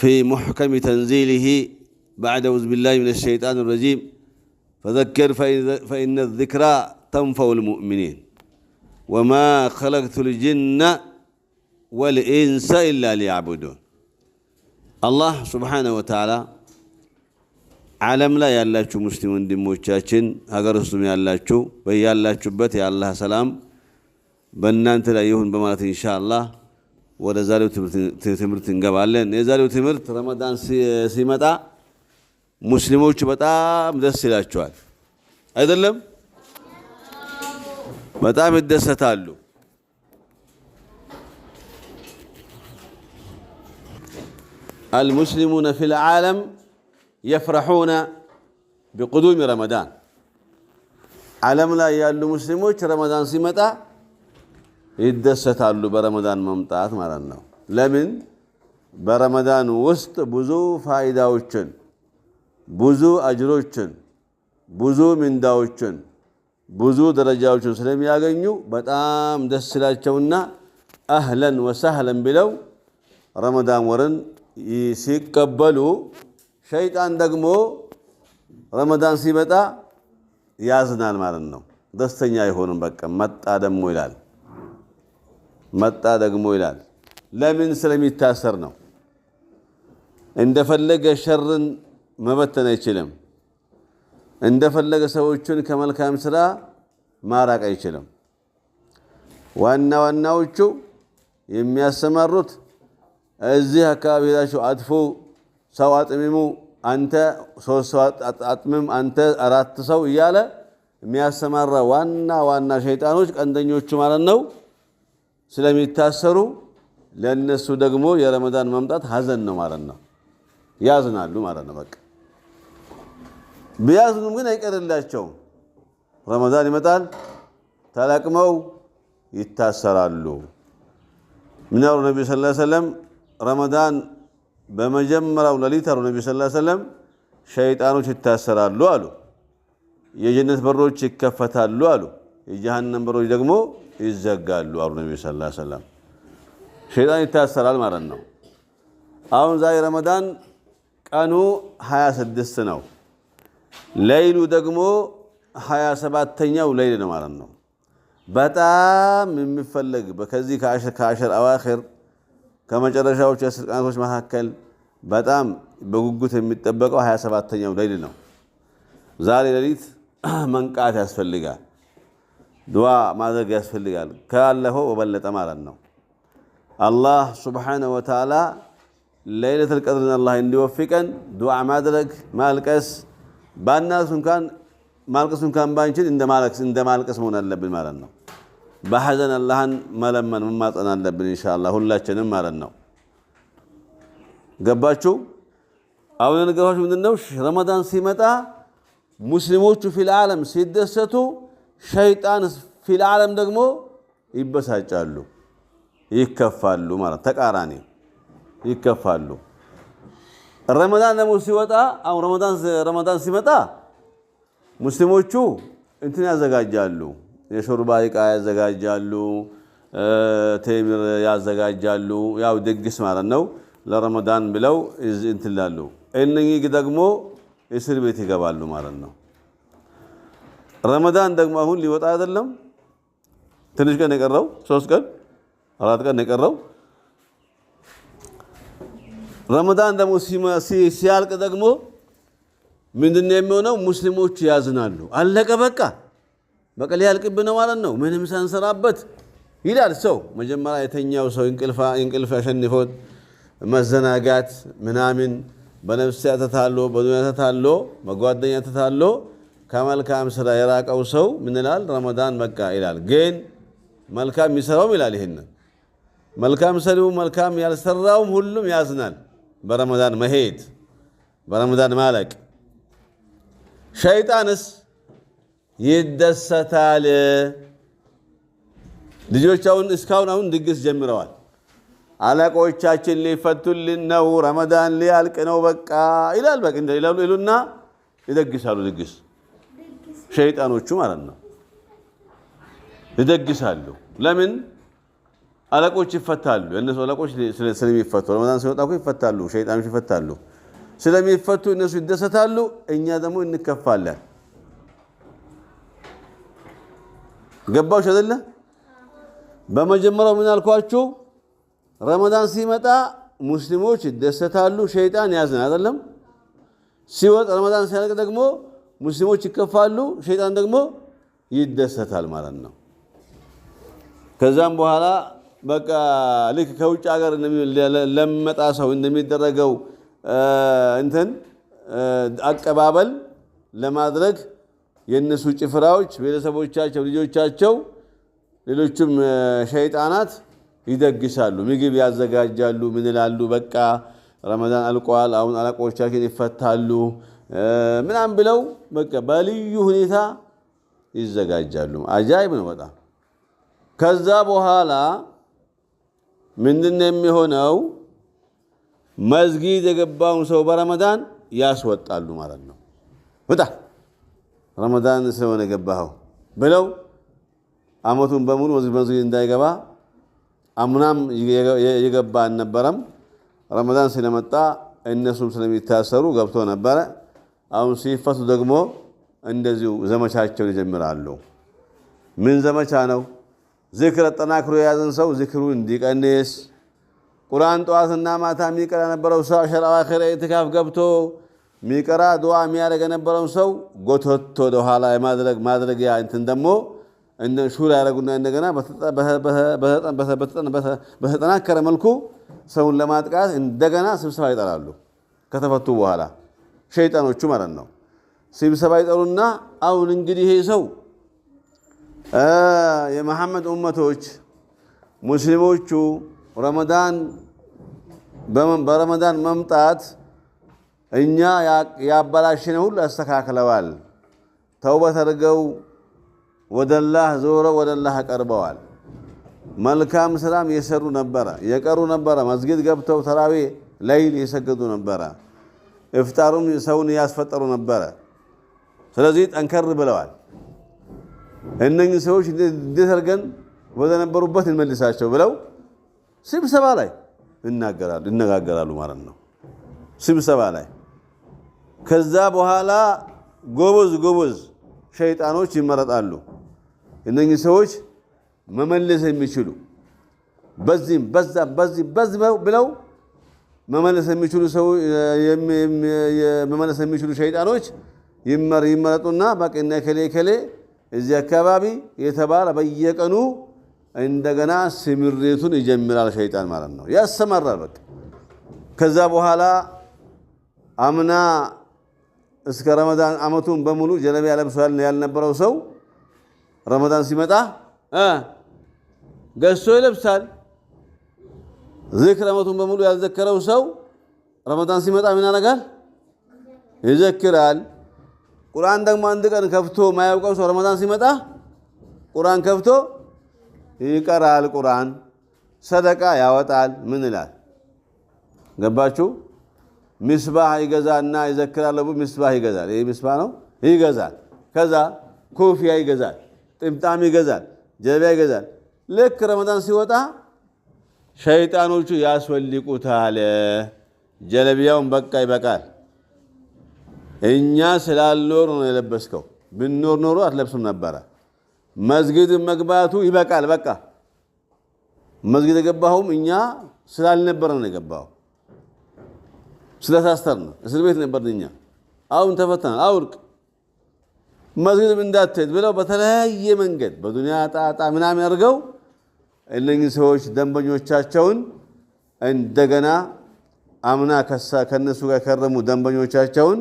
في محكم تنزيله بعد أعوذ بالله من الشيطان الرجيم فذكر فإن الذكرى تنفع المؤمنين وما خلقت الجن والإنس إلا ليعبدون አላህ ሱብሓነሁ ወተዓላ ዓለም ላይ ያላችሁ ሙስሊም ወንድሞቻችን ሀገር ውስጥም ያላችሁ በያላችሁበት የአላህ ሰላም በእናንተ ላይ ይሁን በማለት ኢንሻአላህ ወደ ዛሬው ትምህርት እንገባለን። የዛሬው ትምህርት ረመዳን ሲመጣ ሙስሊሞች በጣም ደስ ይላቸዋል፣ አይደለም? በጣም ይደሰታሉ። አልሙስሊሙነ ፊል ዓለም የፍረሑነ ቢቁዱሚ ረመዳን ዓለም ላይ ያሉ ሙስሊሞች ረመዳን ሲመጣ ይደሰታሉ በረመዳን መምጣት ማለት ነው። ለምን በረመዳን ውስጥ ብዙ ፋይዳዎችን፣ ብዙ አጅሮችን፣ ብዙ ምንዳዎችን፣ ብዙ ደረጃዎችን ስለሚያገኙ በጣም ደስ ይላቸውና አህለን ወሳህለን ብለው ረመዳን ወርን ሲቀበሉ ሸይጣን ደግሞ ረመዳን ሲመጣ ያዝናል ማለት ነው። ደስተኛ አይሆንም። በቃ መጣ ደግሞ ይላል። መጣ ደግሞ ይላል። ለምን ስለሚታሰር ነው። እንደፈለገ ሸርን መበተን አይችልም። እንደፈለገ ሰዎችን ከመልካም ስራ ማራቅ አይችልም። ዋና ዋናዎቹ የሚያሰማሩት እዚህ አካባቢ ሄዳችሁ አጥፉ፣ ሰው አጥሚሙ፣ አንተ ሶስት ሰው አጥምም፣ አንተ አራት ሰው እያለ የሚያሰማራ ዋና ዋና ሸይጣኖች ቀንደኞቹ ማለት ነው። ስለሚታሰሩ ለእነሱ ደግሞ የረመዳን መምጣት ሀዘን ነው ማለት ነው። ያዝናሉ ማለት ነው። በቃ ቢያዝኑም ግን አይቀርላቸውም። ረመዳን ይመጣል፣ ተለቅመው ይታሰራሉ። ምን ነቢ ስ ሰለላሁ ዐለይሂ ረመዳን በመጀመሪያው ሌሊት አሉ ነቢዩ ሰለላሁ ዐለይሂ ወሰለም ሸይጣኖች ይታሰራሉ አሉ። የጀነት በሮች ይከፈታሉ አሉ። የጀሃነም በሮች ደግሞ ይዘጋሉ አሉ ነቢ ስ ላ ሰላም። ሸይጣን ይታሰራል ማለት ነው። አሁን ዛሬ ረመዳን ቀኑ 26 ነው፣ ሌይሉ ደግሞ 27ተኛው ሌይል ነው ማለት ነው። በጣም የሚፈለግ ከዚህ ከአሸር አዋኺር ከመጨረሻዎች የአስር ቀናቶች መካከል በጣም በጉጉት የሚጠበቀው 27ተኛው ሌይል ነው። ዛሬ ሌሊት መንቃት ያስፈልጋል። ዱዓ ማድረግ ያስፈልጋል። ካለፈው በበለጠ ማለት ነው። አላህ ሱብሓነሁ ወተዓላ ለይለቱል ቀድርን አላህ እንዲወፍቀን ዱዓ ማድረግ ማልቀስ፣ ባናስ እንኳን ማልቀስ እንኳን ባንችል እንደ ማልቀስ መሆን አለብን ማለት ነው። በሐዘን አላህን መለመን መማፀን አለብን ኢንሻአላህ ሁላችንም ማለት ነው። ገባችሁ? አሁን ነገሮች ምንድነው? ረመዳን ሲመጣ ሙስሊሞቹ ፊል ዓለም ሲደሰቱ ሸይጣን ፊል ዓለም ደግሞ ይበሳጫሉ፣ ይከፋሉ። ማለት ተቃራኒ ይከፋሉ። ረመዳን ደግሞ ሲወጣ አሁን ረመዳን ሲመጣ ሙስሊሞቹ እንትን ያዘጋጃሉ፣ የሾርባ ዕቃ ያዘጋጃሉ፣ ቴምር ያዘጋጃሉ። ያው ድግስ ማለት ነው ለረመዳን ብለው እንትላሉ። እነኚህ ደግሞ እስር ቤት ይገባሉ ማለት ነው። ረመዳን ደግሞ አሁን ሊወጣ አይደለም። ትንሽ ቀን የቀረው ሶስት ቀን አራት ቀን የቀረው ረመዳን ደግሞ ሲያልቅ ደግሞ ምንድን የሚሆነው? ሙስሊሞች ያዝናሉ። አለቀ በቃ በቃ ሊያልቅብን ማለት ነው፣ ምንም ሳንሰራበት ይላል ሰው። መጀመሪያ የተኛው ሰው እንቅልፍ ያሸንፎት መዘናጋት ምናምን፣ በነፍስ ያተታሎ በዱንያ ያተታሎ በጓደኛ ያተታሎ ከመልካም ስራ የራቀው ሰው ምን ይላል? ረመዳን መቃ ይላል። ግን መልካም የሚሰራውም ይላል ይህን መልካም ሰሪው መልካም ያልሰራውም ሁሉም ያዝናል። በረመዳን መሄድ በረመዳን ማለቅ። ሸይጣንስ ይደሰታል። ልጆች አሁን እስካሁን አሁን ድግስ ጀምረዋል። አለቆቻችን ሊፈቱልን ነው፣ ረመዳን ሊያልቅ ነው በቃ ይላል። በቃ ይሉና ይደግሳሉ ድግስ ሸይጣኖቹ ማለት ነው። ይደግሳሉ። ለምን አለቆች ይፈታሉ። የእነሱ አለቆች ስለሚፈቱ ረመዳን ሲወጣ እኮ ይፈታሉ፣ ሸይጣኖች ይፈታሉ። ስለሚፈቱ እነሱ ይደሰታሉ፣ እኛ ደግሞ እንከፋለን። ገባዎች አይደለ? በመጀመሪያው ምን አልኳችሁ? ረመዳን ሲመጣ ሙስሊሞች ይደሰታሉ፣ ሸይጣን ያዝናል አይደለም? ሲወጥ ረመዳን ሲያልቅ ደግሞ ሙስሊሞች ይከፋሉ፣ ሸይጣን ደግሞ ይደሰታል ማለት ነው። ከዛም በኋላ በቃ ልክ ከውጭ ሀገር ለመጣ ሰው እንደሚደረገው እንትን አቀባበል ለማድረግ የእነሱ ጭፍራዎች፣ ቤተሰቦቻቸው፣ ልጆቻቸው፣ ሌሎቹም ሸይጣናት ይደግሳሉ፣ ምግብ ያዘጋጃሉ። ምንላሉ በቃ ረመዳን አልቋል፣ አሁን አለቆቻችን ይፈታሉ ምናምን ብለው በቃ በልዩ ሁኔታ ይዘጋጃሉ። አጃይብ ነው በጣም። ከዛ በኋላ ምንድን የሚሆነው መዝጊድ የገባውን ሰው በረመዳን ያስወጣሉ ማለት ነው። ውጣ ረመዳን ስለሆነ የገባኸው ብለው አመቱን በሙሉ መዝጊድ እንዳይገባ አምናም የገባ አልነበረም። ረመዳን ስለመጣ እነሱም ስለሚታሰሩ ገብቶ ነበረ። አሁን ሲፈቱ ደግሞ እንደዚሁ ዘመቻቸውን ይጀምራሉ። ምን ዘመቻ ነው? ዝክር አጠናክሮ የያዘን ሰው ዝክሩ እንዲቀንስ፣ ቁርአን ጠዋትና ማታ የሚቀራ የነበረው ሰው አሸር አዋኺር ኢትካፍ ገብቶ ሚቀራ ዱዓ የሚያደርግ የነበረውን ሰው ጎተቶ ወደኋላ የማድረግ ማድረጊያ እንትን ደግሞ ሹር ያደረጉና እንደገና በተጠናከረ መልኩ ሰውን ለማጥቃት እንደገና ስብሰባ ይጠራሉ ከተፈቱ በኋላ ሸይጣኖቹ ማለት ነው። ስብሰባ ይጠሩና አሁን እንግዲህ ይሄ ሰው የመሐመድ ኡመቶች ሙስሊሞቹ ረመዳን በረመዳን መምጣት እኛ ያበላሽነ ሁሉ አስተካክለዋል። ተውበት አድርገው ወደላህ ዞረው ወደላህ ቀርበዋል። መልካም ስራም የሰሩ ነበረ የቀሩ ነበረ። መስጊድ ገብተው ተራዌ ለይል የሰገዱ ነበረ። እፍጣሩን ሰውን እያስፈጠሩ ነበረ። ስለዚህ ጠንከር ብለዋል። እነኝህ ሰዎች እንዴት አድርገን ወደ ነበሩበት እንመልሳቸው ብለው ስብሰባ ላይ ይነጋገራሉ ማለት ነው። ስብሰባ ላይ ከዛ በኋላ ጎበዝ ጎበዝ ሸይጣኖች ይመረጣሉ። እነኝህ ሰዎች መመለስ የሚችሉ በዚህም በዛም በዚህም በዚህ ብለው መመለስ የሚችሉ ሰው መመለስ የሚችሉ ሸይጣኖች ይመር ይመረጡና በቅና ከሌ ከሌ እዚህ አካባቢ የተባለ በየቀኑ እንደገና ስምሬቱን ይጀምራል ሸይጣን ማለት ነው። ያሰማራል በቃ። ከዛ በኋላ አምና እስከ ረመዳን አመቱን በሙሉ ጀለቢያ ለብሶ ያልነበረው ሰው ረመዳን ሲመጣ ገዝቶ ይለብሳል። ዝክር ዓመቱን በሙሉ ያልዘከረው ሰው ረመዳን ሲመጣ ምን ያደርጋል? ይዘክራል። ቁርአን ደግሞ አንድ ቀን ከፍቶ ማያውቀው ሰው ረመዳን ሲመጣ ቁርአን ከፍቶ ይቀራል። ቁርአን ሰደቃ ያወጣል። ምን ይላል? ገባችሁ? ሚስባህ ይገዛና ይዘክራል። ለቡ ሚስባህ ይገዛል። ይሄ ሚስባህ ነው፣ ይገዛል። ከዛ ኮፍያ ይገዛል፣ ጥምጣም ይገዛል፣ ጀለቢያ ይገዛል። ልክ ረመዳን ሲወጣ ሸይጣኖቹ ያስወልቁታል። ጀለቢያውን በቃ ይበቃል። እኛ ስላልኖር ነው የለበስከው። ብንኖር ኖሮ አትለብሱም ነበረ። መስጊድ መግባቱ ይበቃል። በቃ መስጊድ የገባሁም እኛ ስላልነበረ ነው የገባሁ። ስለታስተር ነው እስር ቤት ነበርን እኛ። አሁን ተፈተናል። አውርቅ መስጊድ እንዳትሄድ ብለው በተለያየ መንገድ በዱንያ ጣጣ ምናምን አድርገው እነኚህ ሰዎች ደንበኞቻቸውን እንደገና አምና ከነሱ ጋር የከረሙ ደንበኞቻቸውን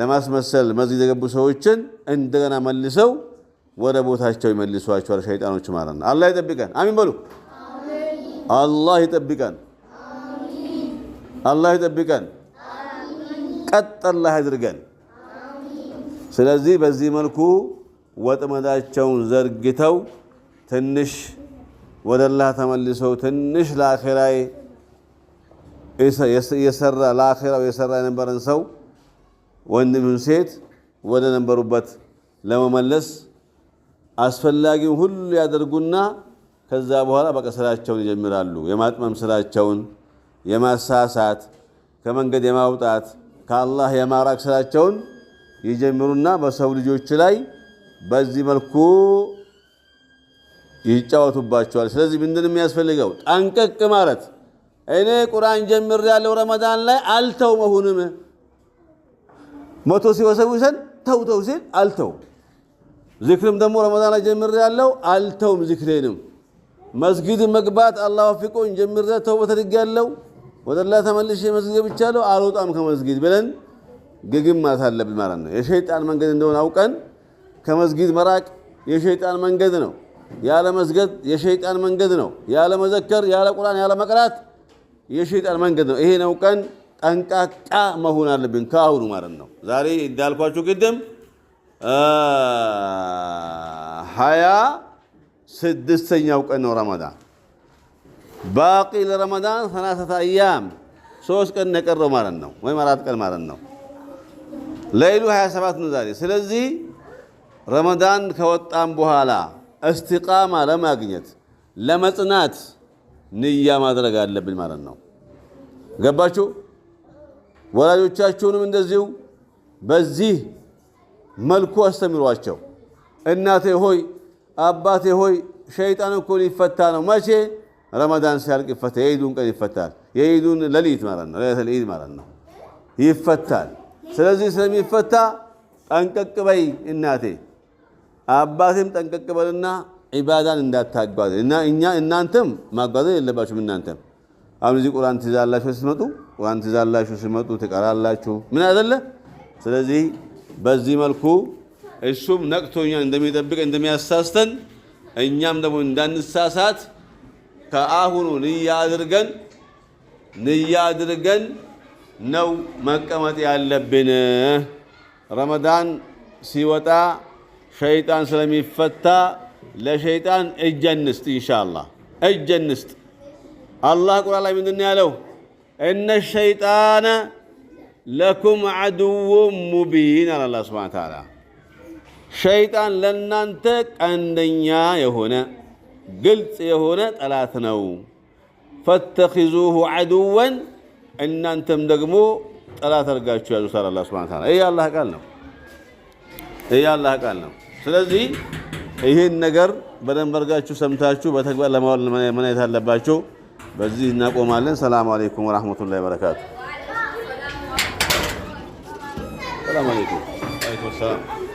ለማስመሰል መዚህ የገቡ ሰዎችን እንደገና መልሰው ወደ ቦታቸው ይመልሷቸዋል፣ ሸይጣኖች ማለት ነው። አላህ ይጠብቀን። አሚን በሉ። አላህ ይጠብቀን። አላህ ይጠብቀን። ቀጥ አላህ ያድርገን። ስለዚህ በዚህ መልኩ ወጥመዳቸውን ዘርግተው ትንሽ ወደ አላህ ተመልሰው ትንሽ ለአኼራይ የሰራ ለአኼራው የሰራ የነበረን ሰው ወንድም ሴት ወደ ነበሩበት ለመመለስ አስፈላጊውን ሁሉ ያደርጉና ከዛ በኋላ በቃ ስራቸውን ይጀምራሉ። የማጥመም ስራቸውን፣ የማሳሳት፣ ከመንገድ የማውጣት፣ ከአላህ የማራቅ ስራቸውን ይጀምሩና በሰው ልጆች ላይ በዚህ መልኩ ይጫወቱባቸዋል። ስለዚህ ምንድን የሚያስፈልገው ጠንቀቅ ማለት እኔ ቁርአን ጀምር ያለው ረመዳን ላይ አልተው መሆንም መቶ ሲወሰውሰን ተው ተው ሲል አልተው። ዚክርም ደግሞ ረመዳን ላይ ጀምር ያለው አልተውም ዚክሬንም መስጊድ መግባት አላ ወፊቆኝ ጀምር ተውበት አድርግ ያለው ወደ አላህ ተመልሼ መስጊድ ገብቻለሁ አልወጣም ከመስጊድ ብለን ግግም ማለት አለብን ማለት ነው። የሸይጣን መንገድ እንደሆነ አውቀን ከመስጊድ መራቅ የሸይጣን መንገድ ነው። ያለ መስገድ የሸይጣን መንገድ ነው። ያለ መዘከር፣ ያለ ቁርአን፣ ያለ መቅራት የሸይጣን መንገድ ነው። ይሄ ነው ቀን ጠንቃቃ መሆን አለብን ከአሁኑ ማለት ነው። ዛሬ እንዳልኳችሁ ቅድም ሀያ ስድስተኛው ቀን ነው ረመዳን። ባቂ ለረመዳን ሰላሰተ አያም ሶስት ቀን የቀረው ማለት ነው፣ ወይም አራት ቀን ማለት ነው። ለይሉ 27 ነው ዛሬ። ስለዚህ ረመዳን ከወጣም በኋላ እስትቃማ ለማግኘት ለመጽናት ንያ ማድረግ አለብን ማለት ነው። ገባችሁ? ወላጆቻችሁንም እንደዚሁ በዚህ መልኩ አስተምሯቸው። እናቴ ሆይ አባቴ ሆይ ሸይጣን እኮ ሊፈታ ነው። መቼ? ረመዳን ሲያልቅ ይፈታል። የኢዱን ቀን ይፈታል። የኢዱን ሌሊት ማለት ነው፣ ሌሊተል ኢድ ማለት ነው ይፈታል። ስለዚህ ስለሚፈታ ጠንቀቅ በይ እናቴ አባቴም ጠንቀቅ በልና ዒባዳን እንዳታጓዝ እና እኛ እናንተም ማጓዘን የለባችሁም። እናንተም አሁን እዚህ ቁርአን ትይዛላችሁ ስትመጡ ቁርአን ትይዛላችሁ ስትመጡ ትቀራላችሁ ምን አይደለ? ስለዚህ በዚህ መልኩ እሱም ነቅቶኛ እንደሚጠብቅ እንደሚያሳስተን እኛም ደግሞ እንዳንሳሳት ከአሁኑ ንያ አድርገን ንያ አድርገን ነው መቀመጥ ያለብን። ረመዳን ሲወጣ ሸይጣን ስለሚፈታ ለሸይጣን እጅ እንስጥ። እንሻላ እጅ እንስጥ። አላህ ቁርአን ላይ ምንድን ያለው? እነ ሸይጣን ለኩም አድው ሙቢን አለ አላህ ሱብሓነሁ ወተዓላ። ሸይጣን ለእናንተ ቀንደኛ የሆነ ግልጽ የሆነ ጠላት ነው። ፈተኺዙሁ አድወን እናንተም ደግሞ ጠላት አድርጋችሁ ያዙት አለ አላህ ሱብሓነሁ ወተዓላ። ይህ አላህ ቃል ነው። ይህ አላህ ቃል ነው። ስለዚህ ይህን ነገር በደንብ አድርጋችሁ ሰምታችሁ በተግባር ለማዋል መናየት አለባቸው። በዚህ እናቆማለን። ሰላም አለይኩም ወራህመቱላሂ ወበረካቱ። ሰላም አለይኩም ሰላም